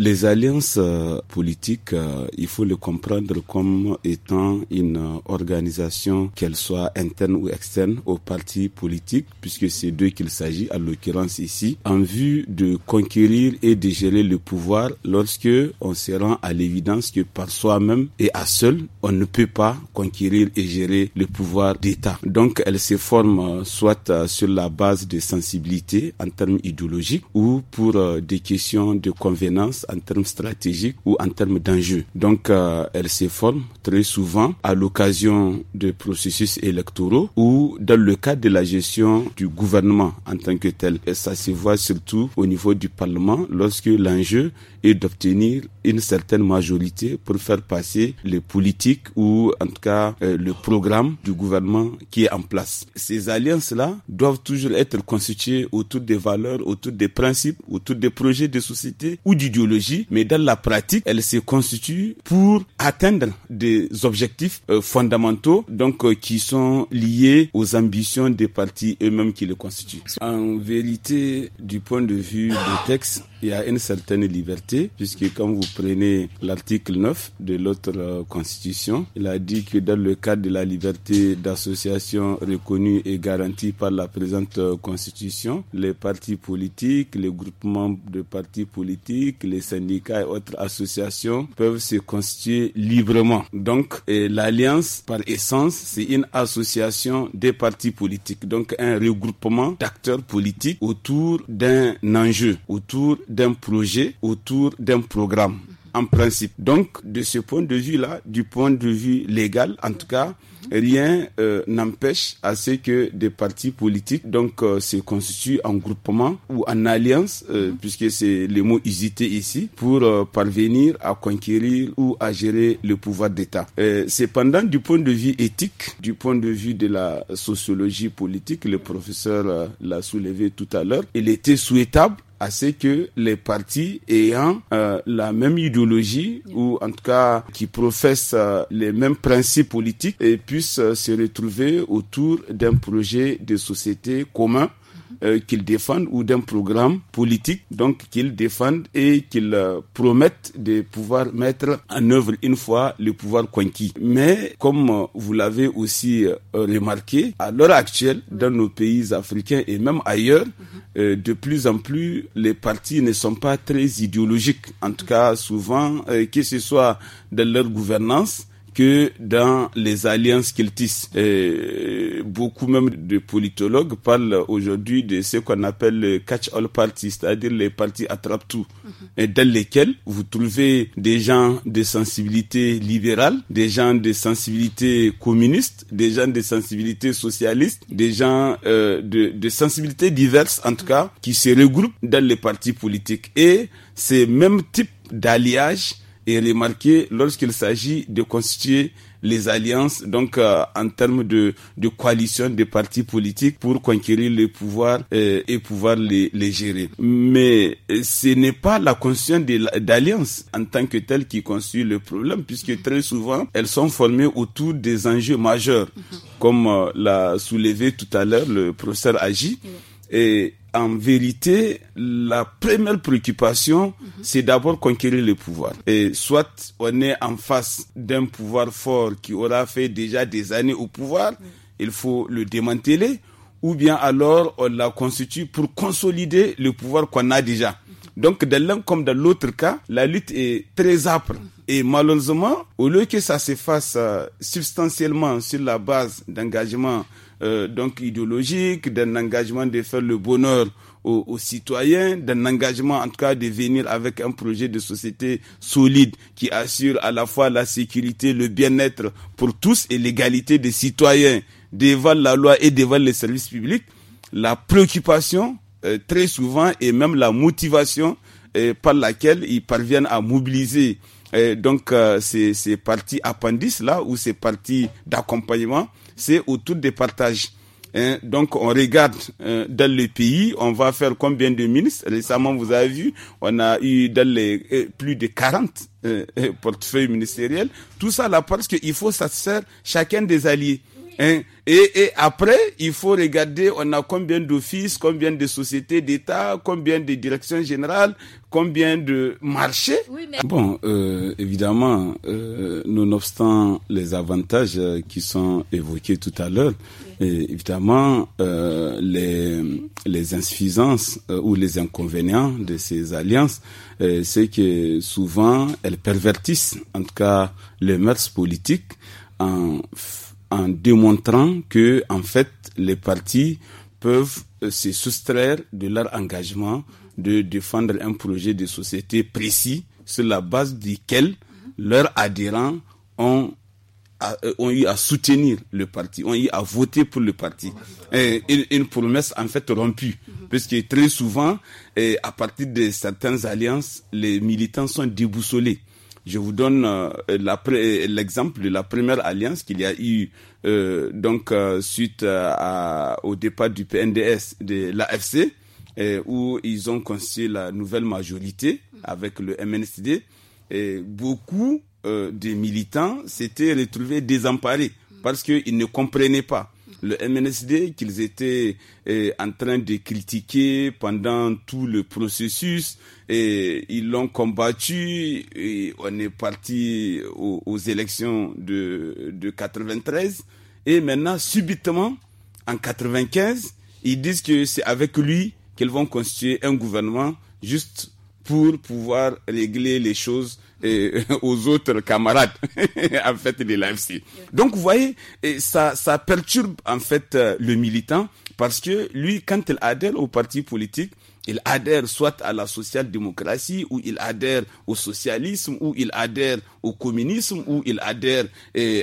Les alliances euh, politiques, euh, il faut les comprendre comme étant une organisation, qu'elle soit interne ou externe, au partis politiques, puisque c'est d'eux qu'il s'agit, à l'occurrence ici, en vue de conquérir et de gérer le pouvoir lorsque on se rend à l'évidence que par soi-même et à seul, on ne peut pas conquérir et gérer le pouvoir d'État. Donc, elles se forment euh, soit sur la base de sensibilité en termes idéologiques ou pour des questions de convenance en termes stratégiques ou en termes d'enjeux. Donc, euh, elles se forme très souvent à l'occasion de processus électoraux ou dans le cadre de la gestion du gouvernement en tant que tel. Et ça se voit surtout au niveau du Parlement lorsque l'enjeu est d'obtenir une certaine majorité pour faire passer les politiques ou en tout cas euh, le programme du gouvernement qui est en place. Ces alliances-là doivent toujours être constituées autour des valeurs, autour des principes, autour des projets de société ou d'idéologie, mais dans la pratique, elles se constituent pour atteindre des objectifs euh, fondamentaux, donc euh, qui sont liés aux ambitions des partis eux-mêmes qui les constituent. En vérité, du point de vue du texte, il y a une certaine liberté, puisque quand vous prenez l'article 9 de l'autre euh, constitution, il a dit que dans le cadre de la liberté d'association reconnue et garantie par la présente euh, constitution, les partis politiques, les groupements de partis politiques, les syndicats et autres associations peuvent se constituer librement. Donc, l'alliance, par essence, c'est une association des partis politiques, donc un regroupement d'acteurs politiques autour d'un enjeu, autour d'un projet, autour d'un programme principe. Donc, de ce point de vue-là, du point de vue légal, en tout cas, rien euh, n'empêche à ce que des partis politiques donc euh, se constituent en groupement ou en alliance euh, puisque c'est le mot usité ici pour parvenir à conquérir ou à gérer le pouvoir d'État. cependant du point de vue éthique, du point de vue de la sociologie politique, le professeur l'a soulevé tout à l'heure, il était souhaitable à ce que les partis ayant euh, la même idéologie ou en tout cas qui professent euh, les mêmes principes politiques et puissent euh, se retrouver autour d'un projet de société commun euh, qu'ils défendent ou d'un programme politique, donc qu'ils défendent et qu'ils euh, promettent de pouvoir mettre en œuvre une fois le pouvoir conquis. Mais comme euh, vous l'avez aussi remarqué, à l'heure actuelle, dans nos pays africains et même ailleurs, de plus en plus, les partis ne sont pas très idéologiques. En tout cas, souvent, que ce soit dans leur gouvernance, que dans les alliances qu'ils tissent beaucoup même de politologues parlent aujourd'hui de ce qu'on appelle le catch-all party, c'est-à-dire les partis attrape-tout, mhm. et dans lesquels vous trouvez des gens de sensibilité libérale, des gens de sensibilité communiste, des gens de sensibilité socialiste, des gens euh, de, sensibilité diverses en tout cas, mhm. qui se regroupent dans les partis politiques. Et ces mêmes types d'alliage est remarqué lorsqu'il s'agit de constituer les alliances, donc euh, en termes de, de coalition des partis politiques pour conquérir le pouvoir euh, et pouvoir les, les gérer. Mais euh, ce n'est pas la conscience d'alliance en tant que telle qui construit le problème, puisque très souvent, elles sont formées autour des enjeux majeurs, mhm. comme l'a soulevé tout à l'heure le professeur Agi. Et en vérité, la première préoccupation, mhm. c'est d'abord conquérir le pouvoir. Et soit on est en face d'un pouvoir fort qui aura fait déjà des années au pouvoir, il faut le démanteler, ou bien alors on la constitue pour consolider le pouvoir qu'on a déjà. Mhm. Donc, dans l'un comme dans l'autre cas, la lutte est très âpre. Mhm. Et malheureusement, au lieu que ça se fasse euh, substantiellement sur la base d'engagement euh, donc idéologique, d'un engagement de faire le bonheur aux, aux citoyens, d'un engagement en tout cas de venir avec un projet de société solide qui assure à la fois la sécurité, le bien-être pour tous et l'égalité des citoyens devant la loi et devant les services publics. La préoccupation euh, très souvent et même la motivation euh, par laquelle ils parviennent à mobiliser donc c'est euh, ces, ces parties appendices là ou c'est parties d'accompagnement, c'est autour des partages. Hein, donc on regarde euh, dans le pays, on va faire combien de ministres Récemment, vous avez vu, on a eu dans les, euh, plus de 40 portefeuilles ministériels. Tout ça là parce qu'il faut satisfaire chacun des alliés. Hein? Et, après, il faut regarder, on a combien d'offices, combien de sociétés d'État, combien de directions générales, combien de marchés. Bon, euh, évidemment, euh, nonobstant les avantages euh, qui sont évoqués tout à l'heure, évidemment, euh, les, les insuffisances ou les inconvénients de ces alliances, c'est que souvent, elles pervertissent, en tout cas, les mœurs politiques en en démontrant que, en fait, les partis peuvent se soustraire de leur engagement de défendre un projet de société précis sur la base duquel leurs adhérents ont euh, ont eu à soutenir le parti, ont eu à voter pour le parti. une, promesse en fait rompue, puisque très souvent, à partir de certaines alliances, les militants sont déboussolés. Je vous donne euh, l'exemple de la première alliance qu'il y a eu euh, donc euh, suite au départ du PNDS de l'AFC où ils ont constitué la nouvelle majorité avec le MNCD. Et beaucoup des militants s'étaient retrouvés désemparés parce qu'ils ne comprenaient pas le MNSD qu'ils étaient eh, en train de critiquer pendant tout le processus. Et ils l'ont combattu. on est parti aux, élections de, de 93. Et maintenant, subitement, en 95, ils disent que c'est avec lui qu'ils vont constituer un gouvernement juste pour pouvoir régler les choses et aux autres camarades en fait de l'AFC. Donc vous voyez, ça, ça perturbe en fait euh, le militant parce que lui, quand il adhère au parti politique, il adhère soit à la social-démocratie, ou il adhère au socialisme, ou il adhère au communisme, ou il adhère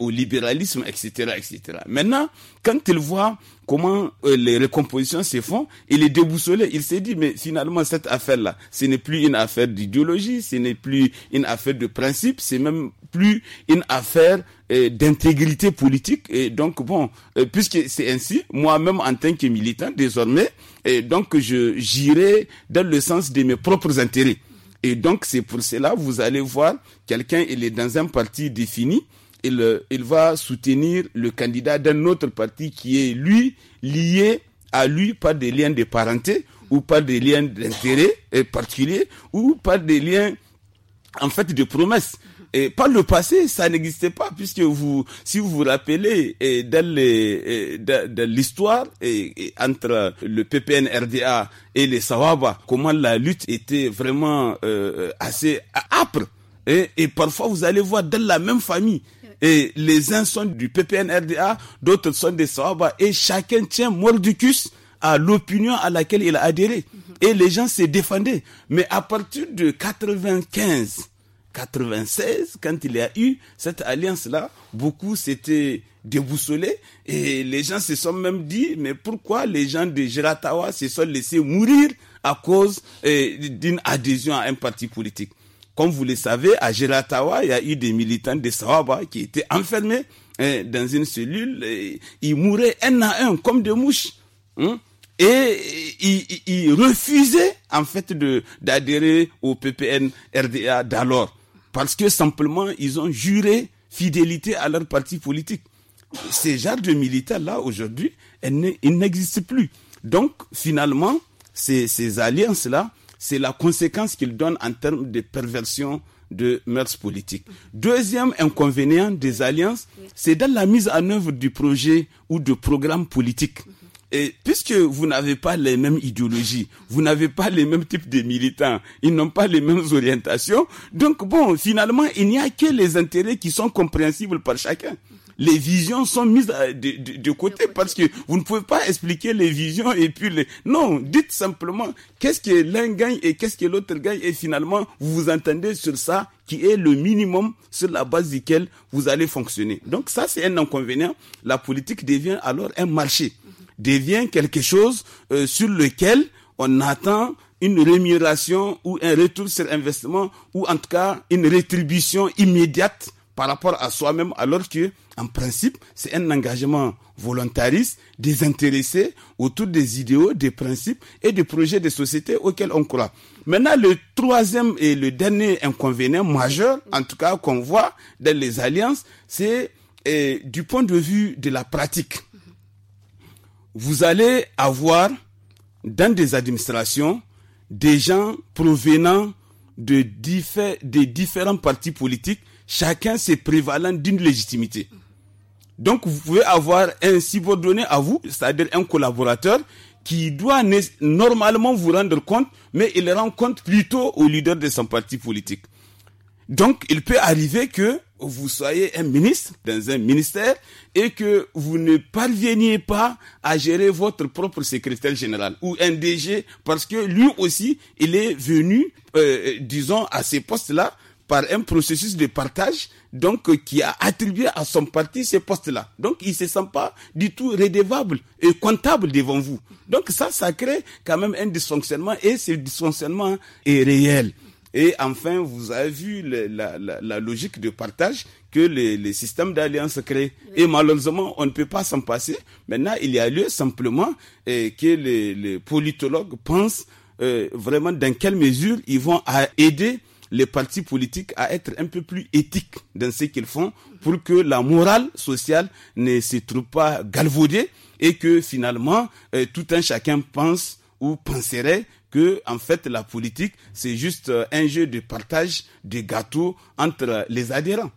au libéralisme, etc., etc. Maintenant, quand il voit comment euh, les recompositions se font. Il est déboussolé. Il s'est dit, mais finalement, cette affaire-là, ce n'est plus une affaire d'idéologie, ce n'est plus une affaire de principe, c'est même plus une affaire euh, d'intégrité politique. Et donc, bon, euh, puisque c'est ainsi, moi-même, en tant que militant, désormais, et donc, je j'irai dans le sens de mes propres intérêts. Et donc, c'est pour cela, vous allez voir, quelqu'un, il est dans un parti défini, il, va soutenir le candidat d'un autre parti qui est lui lié à lui par des liens de parenté ou par des liens d'intérêt euh, particulier ou par des liens en fait de promesses. Et par le passé, ça n'existait pas, puisque vous, si vous vous rappelez, dans l'histoire entre le PPN-RDA et les Sawaba, comment la lutte était vraiment euh, assez âpre. et, parfois, vous allez voir dans la même famille, et les uns sont du PPNRDA, d'autres sont des Sahaba. Et chacun tient mordicus à l'opinion à laquelle il a adhéré. Et les gens se défendaient. Mais à partir de 95, 96, quand il y a eu cette alliance-là, beaucoup s'étaient déboussolés et les gens se sont même dit, mais pourquoi les gens de Giratawa se sont laissés mourir à cause eh, d'une adhésion à un parti politique comme vous le savez, à Gelatawa, il y a eu des militants de Sawaba qui étaient enfermés hein, dans une cellule. ils mouraient un à un comme des mouches. Hein. Et ils, refusaient en fait de d'adhérer au PPN RDA d'alors. Parce que simplement, ils ont juré fidélité à leur parti politique. Ces genres de militants-là, aujourd'hui, ils n'existent plus. Donc, finalement, ces alliances-là, c'est la conséquence qu'il donne en termes de perversion de mœurs politiques. Deuxième inconvénient des alliances, c'est dans la mise en œuvre du projet ou de programme politique. Et puisque vous n'avez pas les mêmes idéologies, vous n'avez pas les mêmes types de militants, ils n'ont pas les mêmes orientations, donc bon, finalement, il n'y a que les intérêts qui sont compréhensibles par chacun les visions sont mises euh, de, de, côté parce que vous ne pouvez pas expliquer les visions et puis les... Non, dites simplement qu'est-ce que l'un gagne et qu'est-ce que l'autre gagne et finalement vous vous entendez sur ça qui est le minimum sur la base duquel vous allez fonctionner. Donc ça, c'est un inconvénient. La politique devient alors un marché, devient quelque chose euh, sur lequel on attend une rémunération ou un retour sur investissement ou en tout cas une rétribution immédiate par rapport à soi-même, alors que, en principe, c'est un engagement volontariste, désintéressé, autour des idéaux, des principes et des projets de société auxquels on croit. Maintenant, le troisième et le dernier inconvénient majeur, en tout cas, qu'on voit dans les alliances, c'est eh, du point de vue de la pratique. Vous allez avoir dans des administrations des gens provenant de, des différents partis politiques chacun s'est prévalant d'une légitimité. Donc vous pouvez avoir un subordonné à vous, c'est-à-dire un collaborateur qui doit normalement vous rendre compte, mais il rend compte plutôt au leader de son parti politique. Donc il peut arriver que vous soyez un ministre dans un ministère et que vous ne parveniez pas à gérer votre propre secrétaire général ou un DG parce que lui aussi, il est venu, euh, disons, à ces postes-là par un processus de partage donc euh, qui a attribué à son parti ces postes-là. Donc il se sent pas du tout redevable et comptable devant vous. Donc ça, ça crée quand même un dysfonctionnement et ce dysfonctionnement est réel. Et enfin, vous avez vu la, logique de partage que les, systèmes d'alliance créent. Et malheureusement, on ne peut pas s'en passer. Maintenant, il y a lieu simplement euh, que les, politologues pensent euh, vraiment dans quelle mesure ils vont aider les partis politiques à être un peu plus éthiques dans ce qu'ils font pour que la morale sociale ne se trouve pas galvaudée et que finalement euh, tout un chacun pense ou penserait que en fait la politique c'est juste euh, un jeu de partage de gâteaux entre les adhérents.